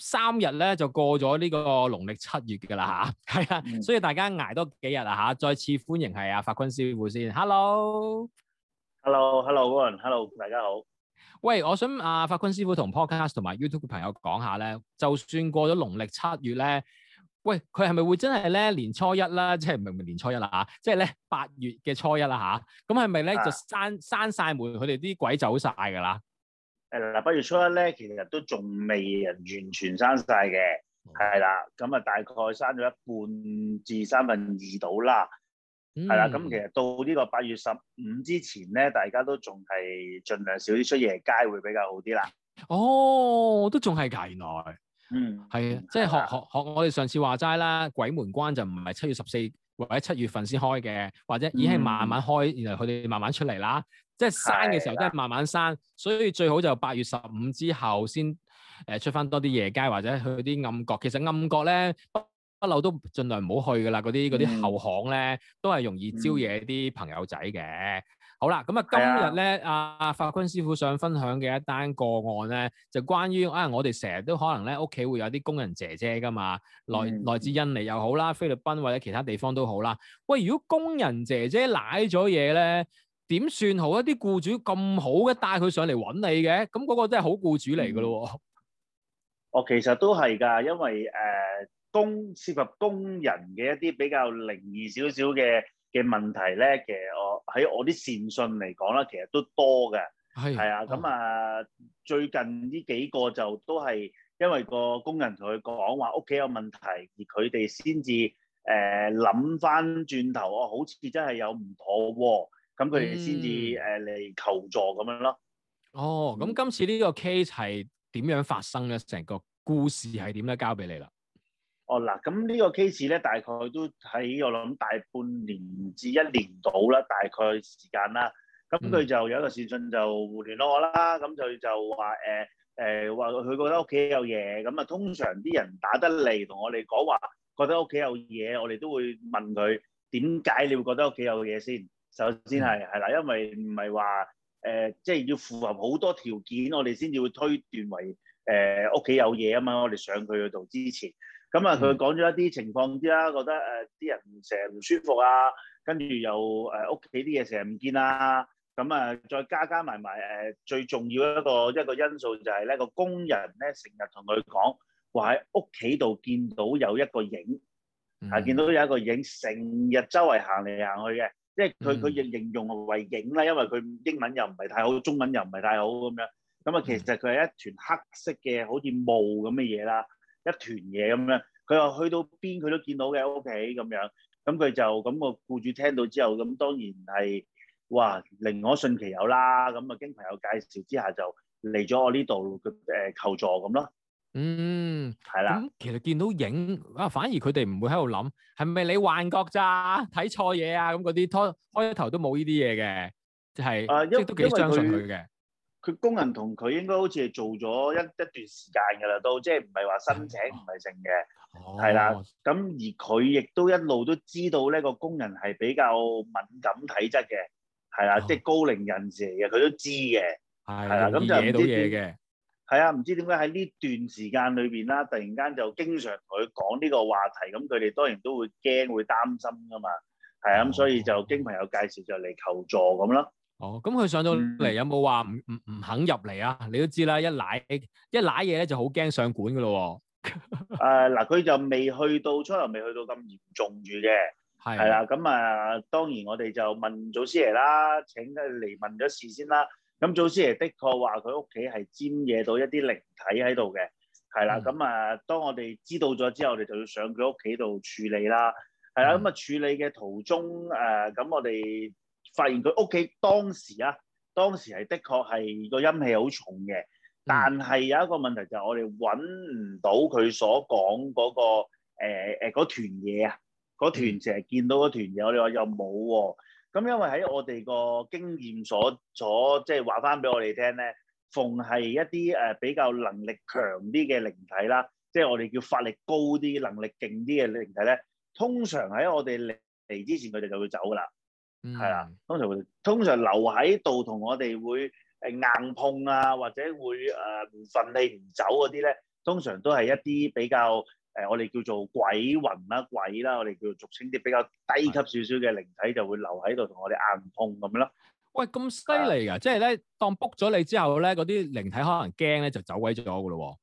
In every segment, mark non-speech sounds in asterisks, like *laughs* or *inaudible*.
三日咧就過咗呢個農曆七月嘅啦吓，係啊，嗯、所以大家捱多幾日啊吓，再次歡迎係阿、啊、法坤師傅先，hello，hello，hello everyone，hello，大家好。喂，我想阿、啊、法坤師傅同 podcast 同埋 YouTube 朋友講下咧，就算過咗農曆七月咧，喂，佢係咪會真係咧年初一啦？即係明唔明年初一啦吓，即係咧八月嘅初一啦吓，咁係咪咧就閂閂晒門，佢哋啲鬼走晒㗎啦？誒嗱，八月初一咧，其實都仲未完全生晒嘅，係啦、哦，咁啊大概生咗一半至三分二度啦，係啦、嗯，咁、嗯、其實到呢個八月十五之前咧，大家都仲係盡量少啲出夜街會比較好啲啦。哦，都仲係屆耐。嗯，係啊，即係學學學，的學我哋上次話齋啦，鬼門關就唔係七月十四或者七月份先開嘅，或者已經慢慢開，然後佢哋慢慢出嚟啦。即係閂嘅時候，都係的慢慢閂，所以最好就八月十五之後先誒出翻多啲夜街，或者去啲暗角。其實暗角咧，不不嬲都盡量唔好去噶啦，嗰啲啲後巷咧都係容易招惹啲朋友仔嘅。嗯、好啦，咁、嗯、的啊今日咧，阿阿法君師傅想分享嘅一單個案咧，就關於啊、哎，我哋成日都可能咧屋企會有啲工人姐姐噶嘛，嗯、來來自印尼又好啦，菲律賓或者其他地方都好啦。喂，如果工人姐姐攋咗嘢咧？點算好？一啲僱主咁好嘅，帶佢上嚟搵你嘅，咁、那、嗰個真係好僱主嚟噶咯。哦、嗯，我其實都係噶，因為誒、呃、工涉及工人嘅一啲比較靈異少少嘅嘅問題咧，其實我喺我啲善信嚟講啦，其實都多嘅。係係、哎呀嗯、啊，咁啊最近呢幾個就都係因為個工人同佢講話屋企有問題，而佢哋先至誒諗翻轉頭，哦，好似真係有唔妥喎。咁佢哋先至誒嚟求助咁、嗯、樣咯。哦，咁今次呢個 case 係點樣發生咧？成個故事係點咧？交俾你啦。哦嗱，咁呢個 case 咧，大概都喺我諗大半年至一年度啦，大概時間啦。咁佢就有一個善信就互聯聯絡我啦，咁佢就話誒誒話佢覺得屋企有嘢。咁啊，通常啲人打得嚟同我哋講話，覺得屋企有嘢，我哋都會問佢點解你會覺得屋企有嘢先。首先係係啦，因為唔係話誒，即係要符合好多條件，我哋先至會推斷為誒屋企有嘢啊嘛。我哋上佢嗰度之前，咁啊佢講咗一啲情況之啦，覺得誒啲、呃、人成日唔舒服啊，跟住又誒屋企啲嘢成日唔見啦、啊，咁、嗯、啊再加加埋埋誒，最重要一個一個因素就係、是、咧個工人咧成日同佢講話喺屋企度見到有一個影、嗯、啊，見到有一個影成日周圍行嚟行去嘅。即係佢佢亦應用為影啦，因為佢英文又唔係太好，中文又唔係太好咁樣。咁啊，其實佢係一團黑色嘅好似霧咁嘅嘢啦，一團嘢咁樣。佢話去到邊佢都見到嘅屋企咁樣。咁佢就咁個僱主聽到之後，咁當然係哇令我信其有啦。咁啊，經朋友介紹之下就嚟咗我呢度誒求助咁咯。嗯，係啦。咁其實見到影啊，反而佢哋唔會喺度諗，係咪你幻覺咋，睇錯嘢啊？咁嗰啲開開頭都冇呢啲嘢嘅，即係啊，一直都幾相信佢嘅。佢工人同佢應該好似係做咗一一段時間噶啦，都即係唔係話新請唔係成嘅，係啦。咁而佢亦都一路都知道呢個工人係比較敏感體質嘅，係啦，即係高齡人士嚟嘅，佢都知嘅，係啦，咁就唔惹到嘢嘅。係啊，唔知點解喺呢段時間裏邊啦，突然間就經常同佢講呢個話題，咁佢哋當然都會驚、會擔心噶嘛。係咁、啊，哦、所以就經朋友介紹就嚟求助咁咯。哦，咁佢上到嚟有冇話唔唔唔肯入嚟啊？你都知啦，一攋一攋嘢咧就好驚上管噶咯、啊。誒 *laughs* 嗱、呃，佢就未去到初頭，未去到咁嚴重住嘅。係係啦，咁啊，啊，當然我哋就問祖師爺啦，請佢嚟問咗事先啦。咁祖師爺的確話佢屋企係沾嘢到一啲靈體喺度嘅，係啦。咁啊、嗯，當我哋知道咗之後，我哋就要上佢屋企度處理啦。係啦，咁啊、嗯、處理嘅途中，誒、呃、咁我哋發現佢屋企當時啊，當時係的確係個陰氣好重嘅。嗯、但係有一個問題就係我哋揾唔到佢所講嗰、嗰個誒誒嗰團嘢、嗯、啊，嗰團成日見到嗰團嘢，你話又冇喎。咁因為喺我哋個經驗，所所即係話翻俾我哋聽咧，逢係一啲誒、呃、比較能力強啲嘅靈體啦，即係我哋叫法力高啲、能力勁啲嘅靈體咧，通常喺我哋嚟嚟之前，佢哋就會走㗎啦，係啦、嗯。通常會通常留喺度同我哋會誒硬碰啊，或者會誒唔忿氣唔走嗰啲咧，通常都係一啲比較。誒、呃，我哋叫做鬼魂啦、鬼啦，我哋叫俗稱啲比較低級少少嘅靈體就會留喺度同我哋硬碰咁樣咯。喂，咁犀利㗎！呃、即係咧，當卜咗你之後咧，嗰啲靈體可能驚咧就走鬼咗㗎咯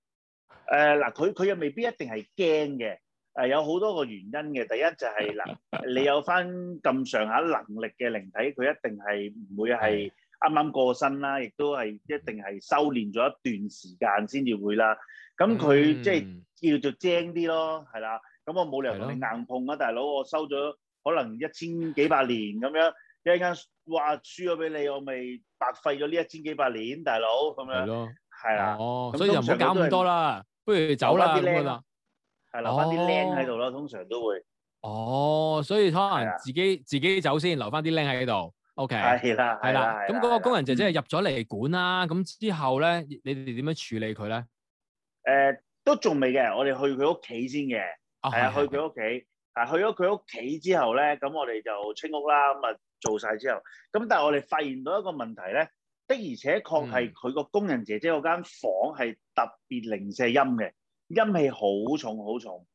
喎。嗱、呃，佢佢又未必一定係驚嘅，誒、呃、有好多個原因嘅。第一就係、是、嗱、呃，你有翻咁上下能力嘅靈體，佢一定係唔會係啱啱過身啦，亦都係一定係修煉咗一段時間先至會啦。咁佢即係叫做精啲咯，係啦。咁我冇理由同你硬碰啊，大佬。我收咗可能一千幾百年咁樣，一陣間話輸咗俾你，我咪白費咗呢一千幾百年，大佬咁樣咯。係啦。哦，所以就唔好搞咁多啦，不如走啦咁樣啦。係留翻啲靚喺度咯，通常都會。哦，所以可能自己自己走先，留翻啲靚喺度。O K。係啦。係啦。咁嗰個工人姐姐入咗嚟管啦，咁之後咧，你哋點樣處理佢咧？誒、呃、都仲未嘅，我哋去佢屋企先嘅，係的啊，去佢屋企，但去咗佢屋企之後咧，咁我哋就清屋啦，咁、嗯、啊、嗯、做晒之後，咁但係我哋發現到一個問題咧，的而且確係佢個工人姐姐嗰間房係特別零舍陰嘅，陰氣好重好重，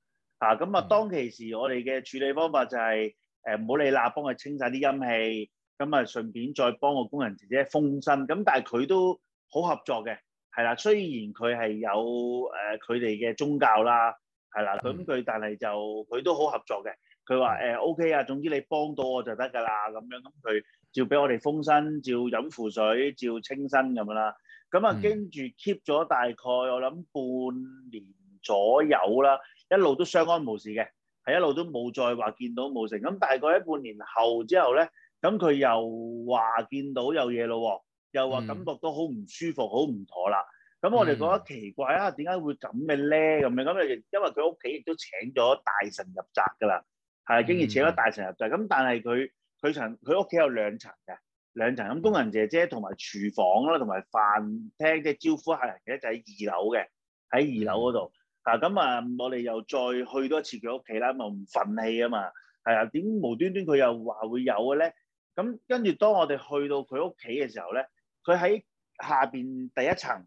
嚇咁啊、嗯啊，嗯、啊當其時我哋嘅處理方法就係誒唔好理啦，幫佢清晒啲陰氣，咁、嗯、啊順便再幫個工人姐姐封身，咁但係佢都好合作嘅。係啦，雖然佢係有誒佢哋嘅宗教啦，係啦，咁佢、嗯、但係就佢都好合作嘅。佢話誒 O K 啊，嗯呃、OK，總之你幫到我就得㗎啦咁樣。咁佢照俾我哋封身，照飲符水，照清身咁啦。咁啊跟住 keep 咗大概我諗半年左右啦，一路都相安無事嘅，係一路都冇再話見到冇成。咁大概過半年後之後咧，咁佢又話見到有嘢嘞喎。又話感覺到好唔舒服，好唔、嗯、妥啦。咁我哋覺得奇怪啊，點解、嗯、會咁嘅咧？咁樣，咁因為佢屋企亦都請咗大神入宅噶啦，係經已請咗大神入宅。咁、嗯、但係佢佢層佢屋企有兩層嘅，兩層，咁工人姐姐同埋廚房啦，同埋飯廳即係招呼客人嘅就喺二樓嘅，喺二樓嗰度。啊咁、嗯、啊，嗯、我哋又再去多一次佢屋企啦，因為唔憤氣啊嘛，係啊，點無端端佢又話會有嘅咧？咁跟住當我哋去到佢屋企嘅時候咧。佢喺下邊第一層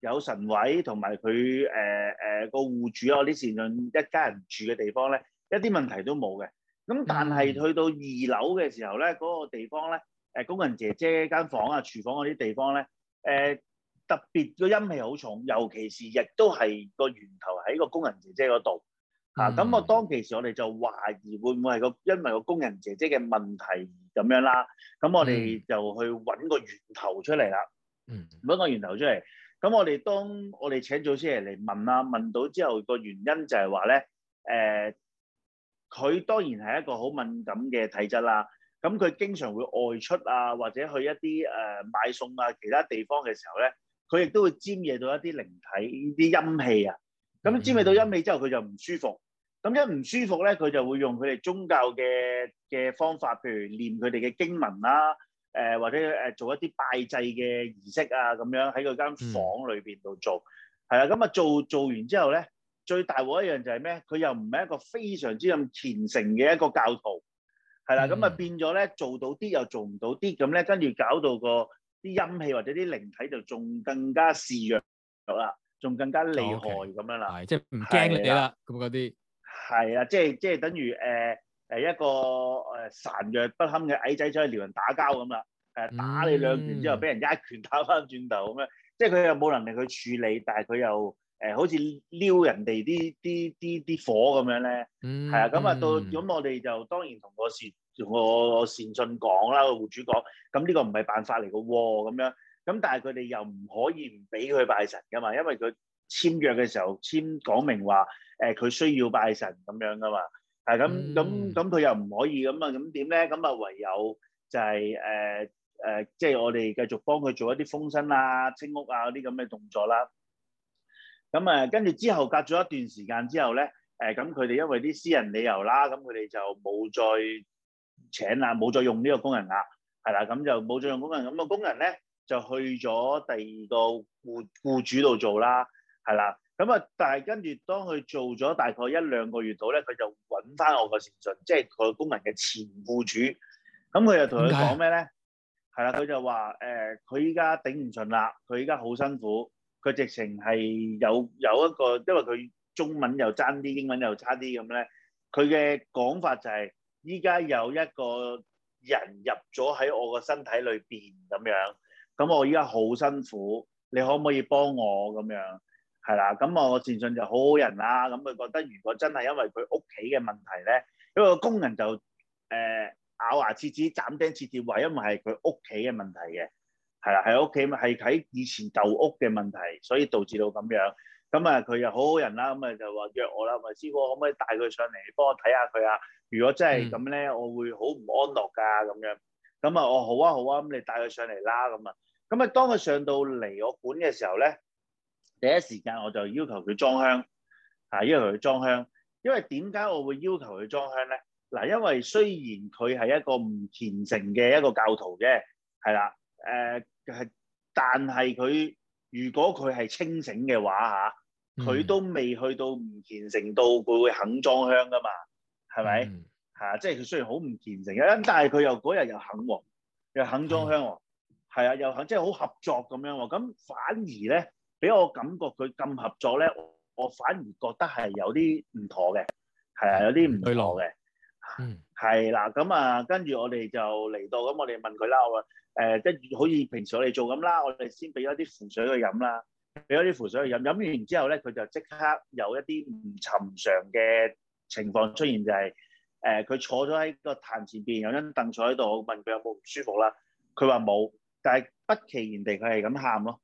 有神位同埋佢誒誒個戶主啊啲善信一家人住嘅地方咧，一啲問題都冇嘅。咁但係去到二樓嘅時候咧，嗰個地方咧，誒、呃、工人姐姐間房啊、廚房嗰啲地方咧，誒、呃、特別個陰氣好重，尤其是亦都係個源頭喺個工人姐姐嗰度嚇。咁、嗯啊、我當其時我哋就懷疑會唔會係個因為個工人姐姐嘅問題。咁樣啦，咁我哋就去揾個源頭出嚟啦。嗯，揾個源頭出嚟。咁我哋當我哋請祖師爺嚟問啦，問到之後個原因就係話咧，誒、呃，佢當然係一個好敏感嘅體質啦。咁佢經常會外出啊，或者去一啲誒、呃、買餸啊，其他地方嘅時候咧，佢亦都會沾惹到一啲靈體呢啲陰氣啊。咁沾惹到陰氣之後，佢就唔舒服。咁一唔舒服咧，佢、嗯嗯、就會用佢哋宗教嘅嘅方法，譬如念佢哋嘅經文啦，誒或者誒做一啲拜祭嘅儀式啊，咁樣喺佢間房裏邊度做，係啊，咁啊做做完之後咧，最大鑊一樣就係咩？佢又唔係一個非常之咁虔誠嘅一個教徒，係啦，咁啊變咗咧做到啲又做唔到啲，咁咧跟住搞到個啲陰氣或者啲靈體就仲更加肆虐啦，仲更加厲害咁樣啦，係即係唔驚你哋啦，咁嗰啲。係啊，即係即係等於誒誒一個誒孱弱不堪嘅矮仔出去撩人打交咁啦，誒、呃、打你兩拳之後，俾、嗯、人一拳打翻轉頭咁樣，即係佢又冇能力去處理，但係佢又誒、呃、好似撩人哋啲啲啲啲火咁樣咧，係、嗯、啊，咁啊到咁、嗯、我哋就當然同個善同個善信講啦，個戶主講，咁呢個唔係辦法嚟嘅喎，咁樣，咁但係佢哋又唔可以唔俾佢拜神㗎嘛，因為佢。簽約嘅時候簽講明話誒佢需要拜神咁樣噶嘛，但係咁咁咁佢又唔可以咁啊，咁點咧？咁啊唯有就係誒誒，即、呃、係、呃就係、我哋繼續幫佢做一啲封身啦、啊、清屋啊嗰啲咁嘅動作啦。咁啊，跟住之後隔咗一段時間之後咧，誒咁佢哋因為啲私人理由啦，咁佢哋就冇再請啦，冇再用呢個工人、啊、啦，係啦，咁就冇再用工人。咁、個工人咧就去咗第二個僱僱主度做啦。係啦，咁啊，但係跟住當佢做咗大概一兩個月度咧，佢就揾翻我個善信，即係佢工人嘅前僱主。咁佢又同佢講咩咧？係啦，佢就話誒，佢依家頂唔順啦，佢依家好辛苦，佢直情係有有一個，因為佢中文又差啲，英文又差啲咁咧。佢嘅講法就係依家有一個人入咗喺我個身體裏邊咁樣，咁我依家好辛苦，你可唔可以幫我咁樣？係啦，咁我善信就好好人啦、啊。咁佢覺得如果真係因為佢屋企嘅問題咧，因為個工人就誒、呃、咬牙切齒、斬釘截鐵話，因為係佢屋企嘅問題嘅，係啦，喺屋企，係睇以前舊屋嘅問題，所以導致到咁樣。咁啊，佢又好好人啦，咁啊就話約我啦，咪師傅可唔可以帶佢上嚟幫我睇下佢啊？如果真係咁咧，我會好唔安樂㗎咁樣。咁啊，我好啊好啊，咁你帶佢上嚟啦咁啊。咁啊，當佢上到嚟我館嘅時候咧。第一時間我就要求佢裝香，嚇、啊、要求佢裝香，因為點解我會要求佢裝香咧？嗱，因為雖然佢係一個唔虔誠嘅一個教徒啫，係啦，誒、呃、係，但係佢如果佢係清醒嘅話嚇，佢都未去到唔虔誠到佢會肯裝香㗎嘛，係咪嚇？即係佢雖然好唔虔誠嘅，但係佢又嗰日又肯喎、哦，又肯裝香喎、哦，係啊、嗯，又肯，即係好合作咁樣喎。咁反而咧。俾我感覺佢咁合作咧，我反而覺得係有啲唔妥嘅，係啊，有啲唔妥嘅，嗯，係啦，咁啊，跟住我哋就嚟到，咁我哋問佢啦，我話誒即係好似平時我哋做咁啦，我哋先俾咗啲符水去飲啦，俾咗啲符水去飲，飲完之後咧，佢就即刻有一啲唔尋常嘅情況出現，就係誒佢坐咗喺個壇前邊，有張凳坐喺度，我問佢有冇唔舒服啦，佢話冇，但係不其然地佢係咁喊咯。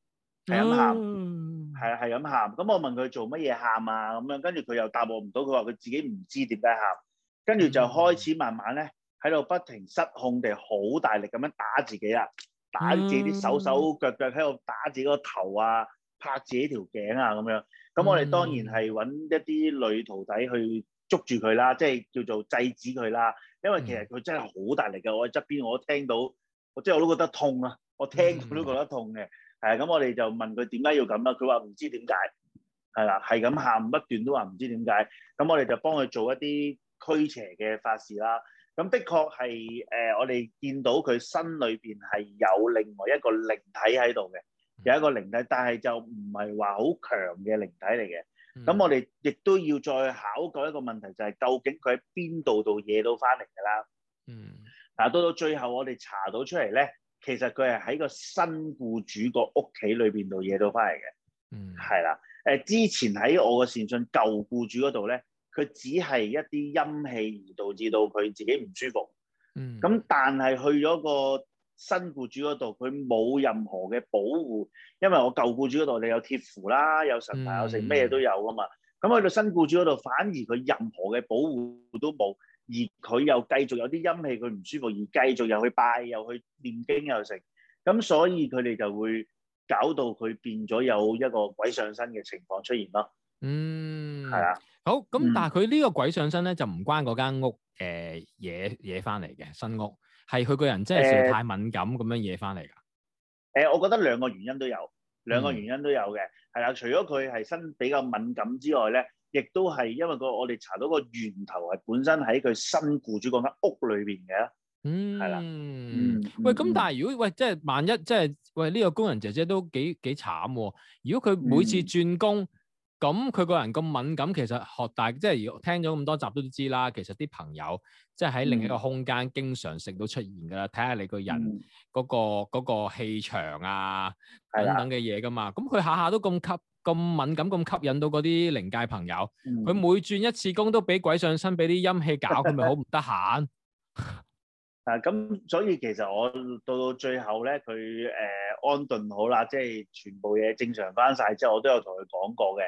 係咁喊，係啊，係咁喊。咁我問佢做乜嘢喊啊？咁樣，跟住佢又答我唔到，佢話佢自己唔知點解喊。跟住就開始慢慢咧，喺度不停失控地好大力咁樣打自己啊，打自己啲手手腳腳喺度打自己個頭啊，拍自己條頸啊咁樣。咁我哋當然係搵一啲女徒弟去捉住佢啦，即係叫做制止佢啦。因為其實佢真係好大力㗎，我喺側邊我都聽到，我即係我都覺得痛啊，我聽我都覺得痛嘅、啊。嗯誒咁，我哋就問佢點解要咁啦、啊？佢話唔知點解，係啦，係咁喊，不斷都話唔知點解。咁我哋就幫佢做一啲驅邪嘅法事啦。咁的確係誒、呃，我哋見到佢身裏邊係有另外一個靈體喺度嘅，有一個靈體，但係就唔係話好強嘅靈體嚟嘅。咁、嗯、我哋亦都要再考究一個問題，就係、是、究竟佢喺邊度度惹到翻嚟㗎啦。嗯。嗱，到到最後我哋查到出嚟咧。其實佢係喺個新僱主個屋企裏邊度惹到翻嚟嘅，係啦、嗯。誒、呃、之前喺我嘅善信舊僱主嗰度咧，佢只係一啲陰氣而導致到佢自己唔舒服。咁、嗯、但係去咗個新僱主嗰度，佢冇任何嘅保護，因為我舊僱主嗰度你有貼符啦，有神牌，有成咩嘢都有噶嘛。咁、嗯嗯、去到新僱主嗰度，反而佢任何嘅保護都冇。而佢又繼續有啲陰氣，佢唔舒服，而繼續又去拜，又去念經又，又食，咁所以佢哋就會搞到佢變咗有一個鬼上身嘅情況出現咯。嗯，係啊的，好。咁但係佢呢個鬼上身咧，嗯、就唔關嗰間屋誒嘢嘢翻嚟嘅新屋，係佢個人真係太敏感咁樣嘢翻嚟㗎。誒、呃，我覺得兩個原因都有，兩個原因都有嘅，係啦、嗯。除咗佢係身比較敏感之外咧。亦都係因為個我哋查到個源頭係本身喺佢新僱主嗰間屋裏邊嘅，嗯，係啦的，嗯喂，喂，咁但係如果喂，即係萬一，即係喂呢、呢個工人姐姐都幾幾慘喎。如果佢每次轉工，咁佢、嗯、個人咁敏感，其實學大即係聽咗咁多集都知啦。其實啲朋友即係喺另一個空間經常性都出現㗎啦。睇下你個人嗰、嗰個嗰、嗯嗰個氣、嗰個、場啊的等等嘅嘢㗎嘛。咁佢下下都咁吸。咁敏感咁吸引到嗰啲靈界朋友，佢、嗯、每轉一次工都俾鬼上身，俾啲陰氣搞，佢咪好唔得閒。啊，咁所以其實我到到最後咧，佢誒、呃、安頓好啦，即係全部嘢正常翻晒之後，我都有同佢講過嘅。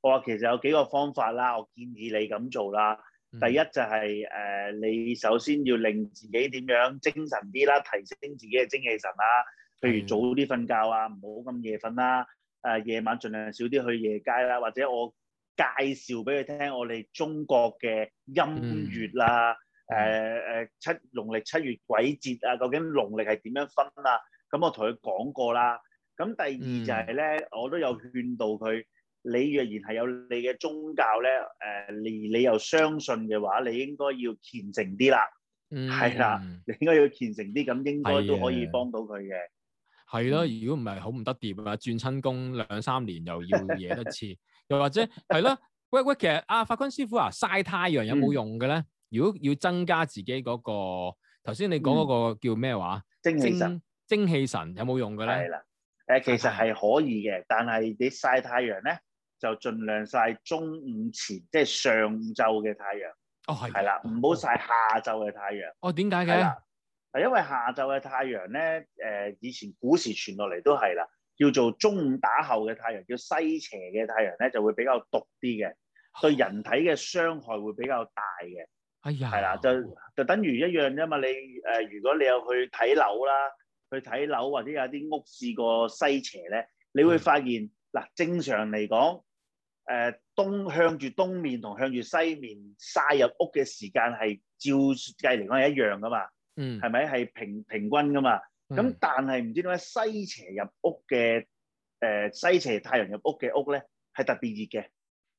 我話其實有幾個方法啦，我建議你咁做啦。嗯、第一就係、是、誒、呃，你首先要令自己點樣精神啲啦，提升自己嘅精氣神啦。譬如早啲瞓覺啊，唔好咁夜瞓啦。啊誒、呃、夜晚儘量少啲去夜街啦，或者我介紹俾佢聽我哋中國嘅陰曆啦，誒誒、嗯呃、七農曆七月鬼節啊，究竟農曆係點樣分啊？咁、嗯、我同佢講過啦。咁、嗯、第二就係咧，我都有勸導佢，你若然係有你嘅宗教咧，誒、呃、你你又相信嘅話，你應該要虔誠啲啦，係、嗯、啦，嗯、你應該要虔誠啲，咁應該都可以幫到佢嘅。係咯，如果唔係好唔得掂啊，轉親工兩三年又要嘢一次， *laughs* 又或者係啦，喂喂，其實阿、啊、法官師傅啊，曬太陽有冇用嘅咧？嗯、如果要增加自己嗰、嗰個頭先你講嗰個叫咩話、嗯？精氣神，精氣神有冇用嘅咧？係啦，誒，其實係可以嘅，但係你曬太陽咧，就盡量曬中午前，即係上晝嘅太陽。哦係。係啦，唔好曬下晝嘅太陽。哦，點解嘅？嗱，因為下晝嘅太陽咧，誒、呃、以前古時傳落嚟都係啦，叫做中午打後嘅太陽，叫西斜嘅太陽咧，就會比較毒啲嘅，對人體嘅傷害會比較大嘅。係啊、哎呦，係啦，就就等於一樣啫嘛。你誒、呃，如果你有去睇樓啦，去睇樓或者有啲屋試過西斜咧，你會發現嗱、嗯，正常嚟講，誒、呃、東向住東面同向住西面曬入屋嘅時間係照計嚟講係一樣噶嘛。嗯，係咪係平平均噶嘛？咁、嗯、但係唔知點解西斜入屋嘅，誒、呃、西斜太陽入屋嘅屋咧，係特別熱嘅，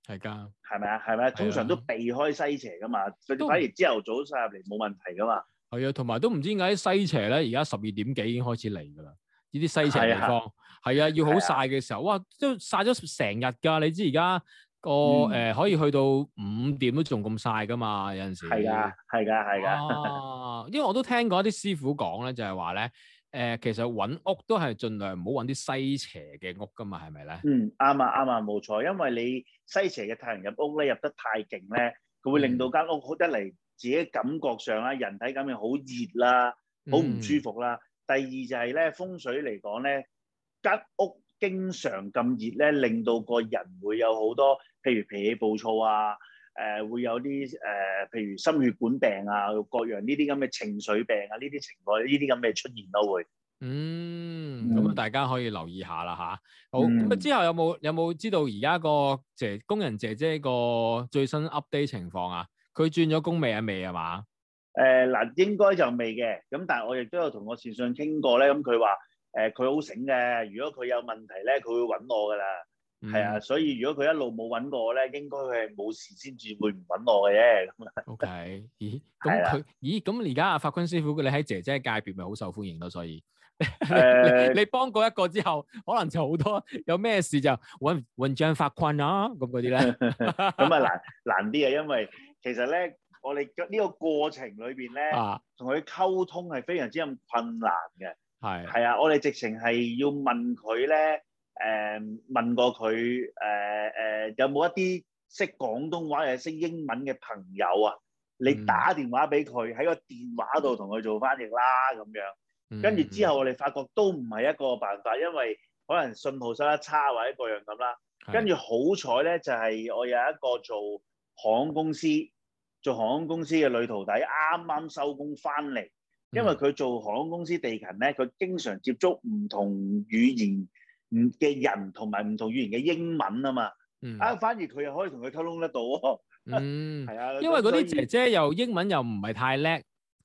係噶的，係咪啊？係咪啊？通常都避開西斜噶嘛，佢都反而朝頭早晒入嚟冇問題噶嘛。係啊，同埋都唔知點解西斜咧，而家十二點幾已經開始嚟噶啦。呢啲西斜地方，係啊的，要好晒嘅時候，的哇，都晒咗成日噶。你知而家。個誒、呃、可以去到五點都仲咁曬噶嘛？有陣時係噶，係噶，係噶。哦、啊，因為我都聽過一啲師傅講咧，就係話咧，誒、呃，其實搵屋都係盡量唔好搵啲西斜嘅屋噶嘛，係咪咧？嗯，啱啊，啱啊，冇錯，因為你西斜嘅太陽入屋咧，入得太勁咧，佢會令到間屋好得嚟自己感覺上啦，人體感覺好熱啦，好唔舒服啦。嗯、第二就係咧風水嚟講咧，間屋。經常咁熱咧，令到個人會有好多，譬如脾氣暴躁啊，誒、呃、會有啲誒、呃，譬如心血管病啊，各樣呢啲咁嘅情緒病啊，呢啲情況呢啲咁嘅出現都會。嗯，咁、嗯、大家可以留意下啦吓，好咁、嗯、之後有冇有冇知道而家個姐工人姐姐個最新 update 情況啊？佢轉咗工未啊？未啊，嘛？誒嗱，應該就未嘅。咁但係我亦都有同個電信傾過咧，咁佢話。誒佢好醒嘅，如果佢有問題咧，佢會揾我噶啦，係、嗯、啊，所以如果佢一路冇揾過我咧，應該係冇事先至會唔揾我嘅啫。O、okay, K，咦？咁佢 *laughs* 吧咦？咁而家阿法坤師傅，你喺姐姐界別咪好受歡迎咯？所以吧 *laughs* 你你，你幫過一個之後，可能就好多有咩事就揾揾張法坤啊，咁嗰啲咧。咁 *laughs* 啊 *laughs* 難難啲啊，因為其實咧，我哋呢個過程裏邊咧，同佢、啊、溝通係非常之咁困難嘅。係係啊！我哋直情係要問佢咧，誒、呃、問過佢誒誒有冇一啲識廣東話又識英文嘅朋友啊？你打電話俾佢喺個電話度同佢做翻譯啦咁樣。跟住之後我哋發覺都唔係一個辦法，因為可能信號收得差或者各樣咁啦。跟住好彩咧，就係、是、我有一個做航空公司、做航空公司嘅女徒弟啱啱收工翻嚟。剛剛因為佢做航空公司地勤咧，佢經常接觸唔同語言唔嘅人，同埋唔同語言嘅英文啊嘛。啊，反而佢又可以同佢溝通得到喎。嗯，係啊。因為嗰啲姐姐又英文又唔係太叻，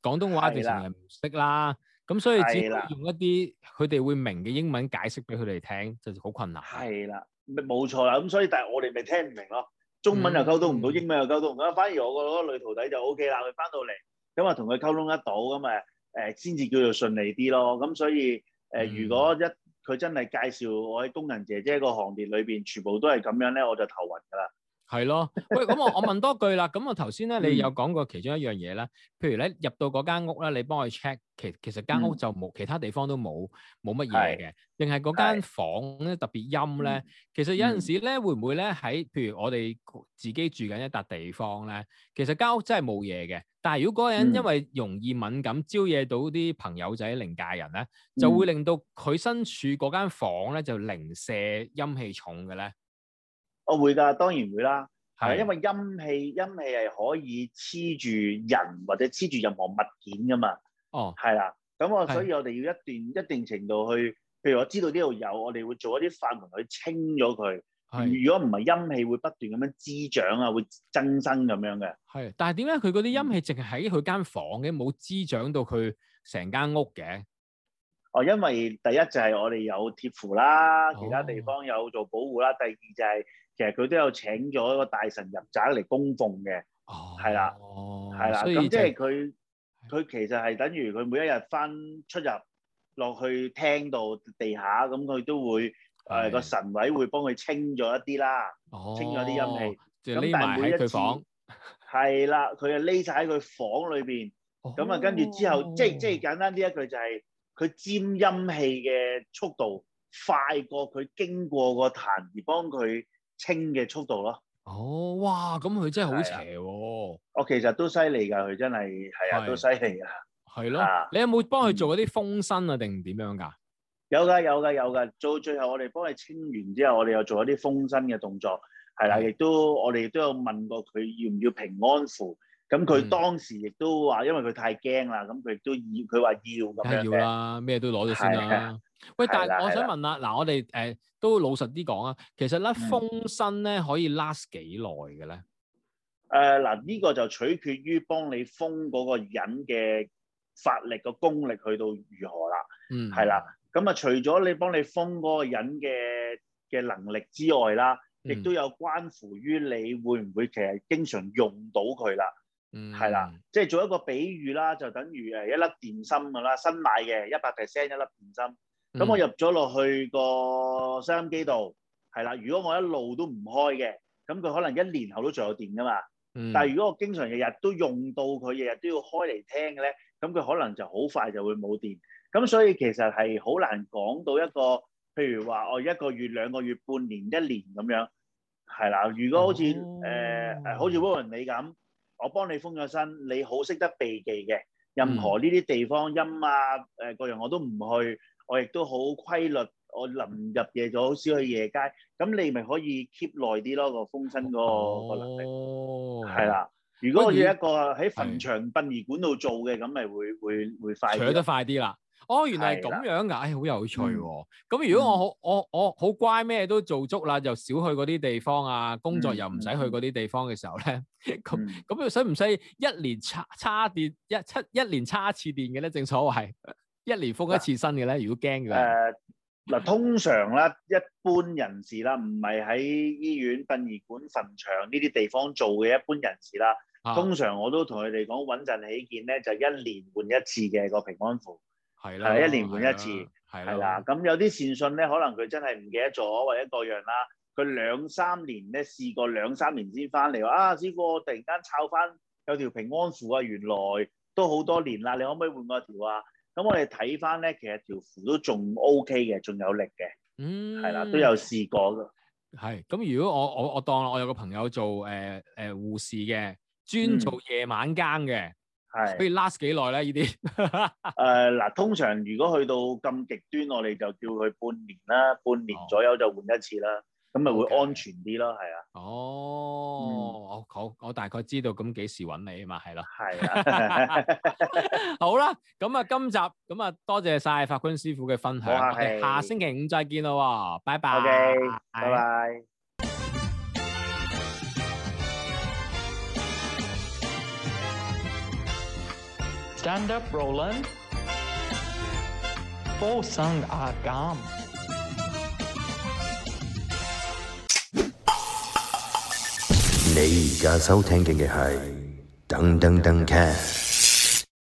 廣東話其實係唔識啦。咁所以只用一啲佢哋會明嘅英文解釋俾佢哋聽，就好困難。係啦，咪冇錯啦。咁所以但係我哋咪聽唔明咯。中文又溝通唔到，英文又溝通唔到，反而我覺得個女徒弟就 OK 啦。佢翻到嚟咁啊，同佢溝通得到咁啊。誒先至叫做順利啲咯，咁、嗯、所以誒、呃、如果一佢真係介紹我喺工人姐姐個行列裏邊，全部都係咁樣咧，我就頭暈㗎啦。係咯，喂，咁我我問多句啦。咁我頭先咧，你有講過其中一樣嘢咧，譬如咧入到嗰間屋咧，你幫佢 check，其其實間屋就冇其他地方都冇冇乜嘢嘅，定係嗰間房咧特別陰咧？其實有陣時咧，會唔會咧喺譬如我哋自己住緊一笪地方咧，其實間屋真係冇嘢嘅，但係如果嗰個人因為容易敏感，招惹到啲朋友仔、靈界人咧，就會令到佢身處嗰間房咧就零舍陰氣重嘅咧。我、哦、會㗎，當然會啦。係是，因為陰氣陰氣係可以黐住人或者黐住任何物件噶嘛。哦，係啦。咁我所以我哋要一段的一定程度去，譬如我知道呢度有，我哋會做一啲法門去清咗佢。的如果唔係陰氣會不斷咁樣滋長啊，會增生咁樣嘅。係。但係點解佢嗰啲陰氣淨係喺佢間房嘅，冇滋長到佢成間屋嘅？哦，因為第一就係我哋有貼符啦，其他地方有做保護啦。第二就係、是。其實佢都有請咗一個大神入宅嚟供奉嘅，係啦，係啦，咁即係佢佢其實係等於佢每一日翻出入落去廳到地下，咁佢都會誒個神位會幫佢清咗一啲啦，清咗啲陰氣。咁但係每一次，係啦，佢就匿晒喺佢房裏邊。咁啊，跟住之後，即係即係簡單啲一句就係，佢沾陰氣嘅速度快過佢經過個壇而幫佢清嘅速度咯，哦哇，咁佢真係好邪喎！我其實都犀利㗎，佢真係係啊，都犀利啊，係咯。你有冇幫佢做一啲封身啊？定點樣㗎？有㗎，有㗎，有㗎。做最後我哋幫佢清完之後，我哋又做一啲封身嘅動作，係啦。亦都我哋亦都有問過佢要唔要平安符，咁佢當時亦都話，因為佢太驚啦，咁佢亦都要，佢話要咁樣要啊，咩都攞咗先啦。喂，但係我想問啦，嗱的、啊，我哋誒、呃、都老實啲講啊，其實咧、嗯、封身咧可以 last 幾耐嘅咧？誒、呃，嗱，呢個就取決於幫你封嗰個人嘅法力個功力去到如何啦，嗯，係啦，咁啊除咗你幫你封嗰個人嘅嘅能力之外啦，亦、嗯、都有關乎於你會唔會其實經常用到佢啦，嗯，係啦，即係做一個比喻啦，就等於誒一粒電芯噶啦，新買嘅一百 percent 一粒電芯。咁、嗯、我入咗落去個收音機度，係啦。如果我一路都唔開嘅，咁佢可能一年後都仲有電噶嘛。嗯、但係如果我經常日日都用到佢，日日都要開嚟聽嘅咧，咁佢可能就好快就會冇電。咁所以其實係好難講到一個，譬如話我一個月、兩個月、半年、一年咁樣，係啦。如果好似誒、哦呃，好似 w i 你咁，我幫你封咗身，你好識得避忌嘅，任何呢啲地方、嗯、音啊，誒、呃，嗰樣我都唔去。我亦都好規律，我臨入夜咗，好少去夜街。咁你咪可以 keep 耐啲咯，個風身個個能力。哦，係啦。如果我係一個喺墳場殯儀館度做嘅，咁咪的會會會快，取得快啲啦。哦，原來係咁樣㗎，唉的，好、哎、有趣喎。咁、嗯、如果我好我我好乖，咩都做足啦，就少去嗰啲地方啊，工作又唔使去嗰啲地方嘅時候咧，咁咁、嗯、 *laughs* 要使唔使一年叉叉電一七一年叉一次電嘅咧？正所謂。一年覆一次身嘅咧，如果驚嘅誒嗱，通常啦，一般人士啦，唔係喺醫院、殯儀館、墳場呢啲地方做嘅一般人士啦，啊、通常我都同佢哋講穩陣起見咧，就一年換一次嘅個平安符係啦的，一年換一次係啦。咁有啲善信咧，可能佢真係唔記得咗或者個樣啦，佢兩三年咧試過兩三年先翻嚟話啊，師傅，突然間摷翻有條平安符啊，原來都好多年啦，你可唔可以換過條啊？咁我哋睇翻咧，其實條符都仲 OK 嘅，仲有力嘅，係啦、嗯，都有試過嘅。係咁，如果我我我當我有個朋友做誒誒、呃呃、護士嘅，專做夜晚更嘅，可、嗯、以 last 幾耐咧？呢啲誒嗱，通常如果去到咁極端，我哋就叫佢半年啦，半年左右就換一次啦。哦。咁咪會安全啲咯，係啊 Okay. 的。哦，好、嗯，我大概知道咁幾時揾你啊嘛，係咯。係啊是的， *laughs* *laughs* 好啦，咁啊今集咁啊多謝晒法官師傅嘅分享，下星期五再見咯，拜拜。拜拜、okay。Stand up, Roland。For such a g a m 你而家收聽嘅係噔噔噔 Cast。